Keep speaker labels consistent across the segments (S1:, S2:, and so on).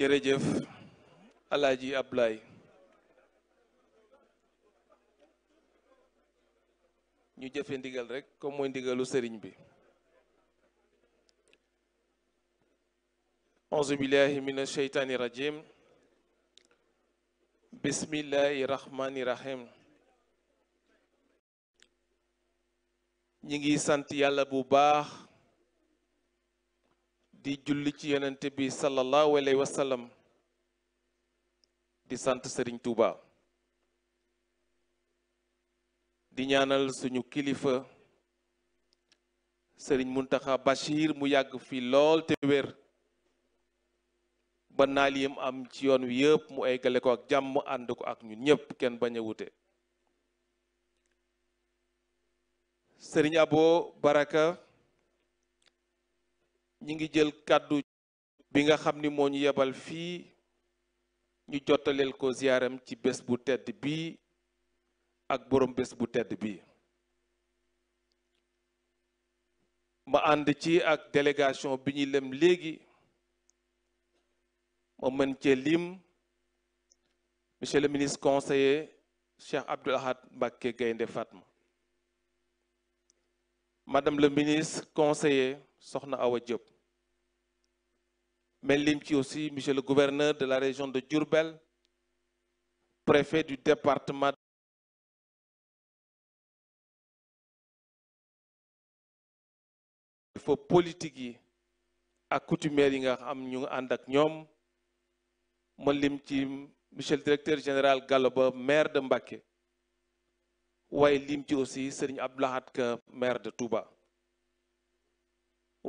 S1: jërëjëf alaaji Ablaay ñu jëfe ndigal rek comme mooy ndigalu sëriñ bi auzu billahi min asheytaani rajim bismillahi rahmaani rahim ñi ngi sant yàlla bu baax di julli ci yonent bi sallallahu alayhi wa di sant Serigne Touba di ñaanal suñu kilifa Serigne Mountakha Bachir mu yàgg fi lool te wér ba naal yim am ci yoon wi yëpp mu eggale ko ak jàmm ànd ko ak ñu ñëpp kenn bañ a wute. Serigne Abo Baraka. ñi ngi jël kàddu bi nga xam ni moo ñu yebal fii ñu jottaleel ko ziaram ci bés bu tedd bii ak borom bés bu tedd bi ma ànd ci ak délégation bi ñuy lem léegi ma mën cee lim monsieur le ministre conseiller Cheikh Abdoul Ahad Mbacké Gaynde Fatma madame le ministre conseiller Soxna Awa Diop mais lim ci aussi monsieur le gouverneur de la région de Diourbel préfet du département il faut politique yi ak coutumiers yi nga xam ñu ànd ak ñoom ma lim ci monsieur directeur général Gallo Ba maire de Mbacké waaye lim ci aussi Serigne Abdou Lahad Ka maire de Touba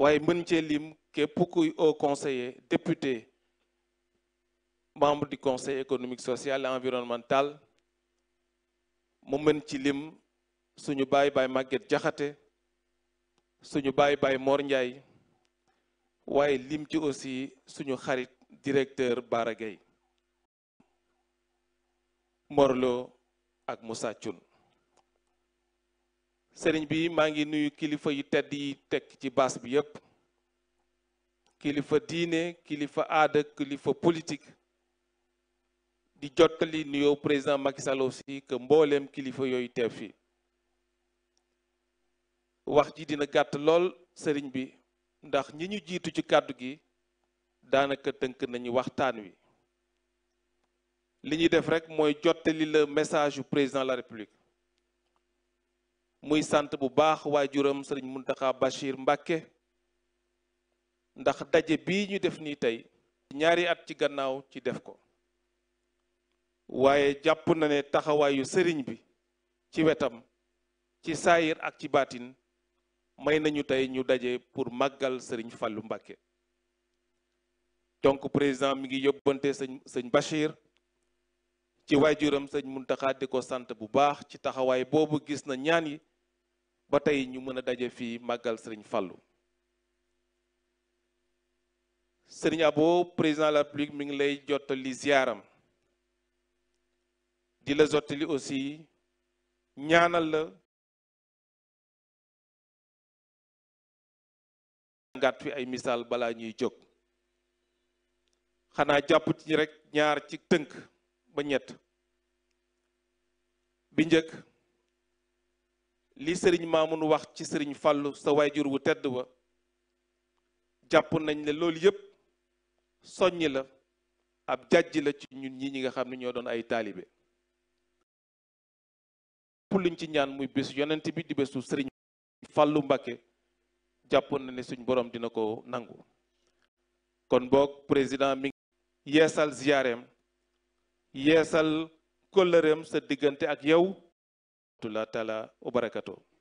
S1: waaye mën cee lim képp kuy au conseiller député membre du conseil économique social et environnemental mu mën ci lim suñu baay baay Maguette Jaxate suñu baay baay Mor Ndiaye waaye lim ci aussi suñu xarit directeur Bara Gueye Morlo ak Moussa Thioune sëriñ bi maa ngi nuyu kilifa yu tedd yi tekk ci baas bi yépp kilifa diine kilifa aada kilifa politique di jottali nuyoo président Macky Sall aussi mbooleem kilifa yooyu teew fii wax ji dina gàtt lool sëriñ bi ndax ñi ñu jiitu ci kàddu gi daanaka tënk nañu waxtaan wi li ñuy def rek mooy jottali le message yu président la république muy sant bu baax waajuram sëriñ Muntaxa Bachir Mbàkke ndax daje bii ñu def nii tey ñaari at ci gannaaw ci def ko waaye jàpp na ne taxawaayu sëriñ bi ci wetam ci saayir ak ci baatin may nañu tey ñu daje pour màggal sëriñ Fàllu Mbàkke donc président mi ngi yóbbante sëñ sëñ Bachir ci waajuram sëñ Muntaxa di ko sant bu baax ci taxawaay boobu gis na ñaan yi ba tey ñu mën a daje fii màggal sëriñ Fallou sëriñ Abo président la République mi ngi lay jottali ziaram di la jottali aussi ñaanal la ngat fi ay misaal balaa ñuy jóg xanaa jàpp ci rek ñaar ci tënk ba ñett bi njëkk li sëriñ mënu wax ci sëriñ fallu sa waajur wu tedd ba jàpp nañ ne loolu yépp soññ la ab jàjj la ci ñun ñi ñi nga xam ne ñoo doon ay taalibe pour luñ ci ñaan muy bésu yonent bi di bésu sëriñ Fàllu Mbàkke jàpp na ne suñ borom dina ko nangu kon boog président mi yeesal ziyaareem yeesal kóllëreem sa diggante ak yow rahmatullahi taala wa barakatuh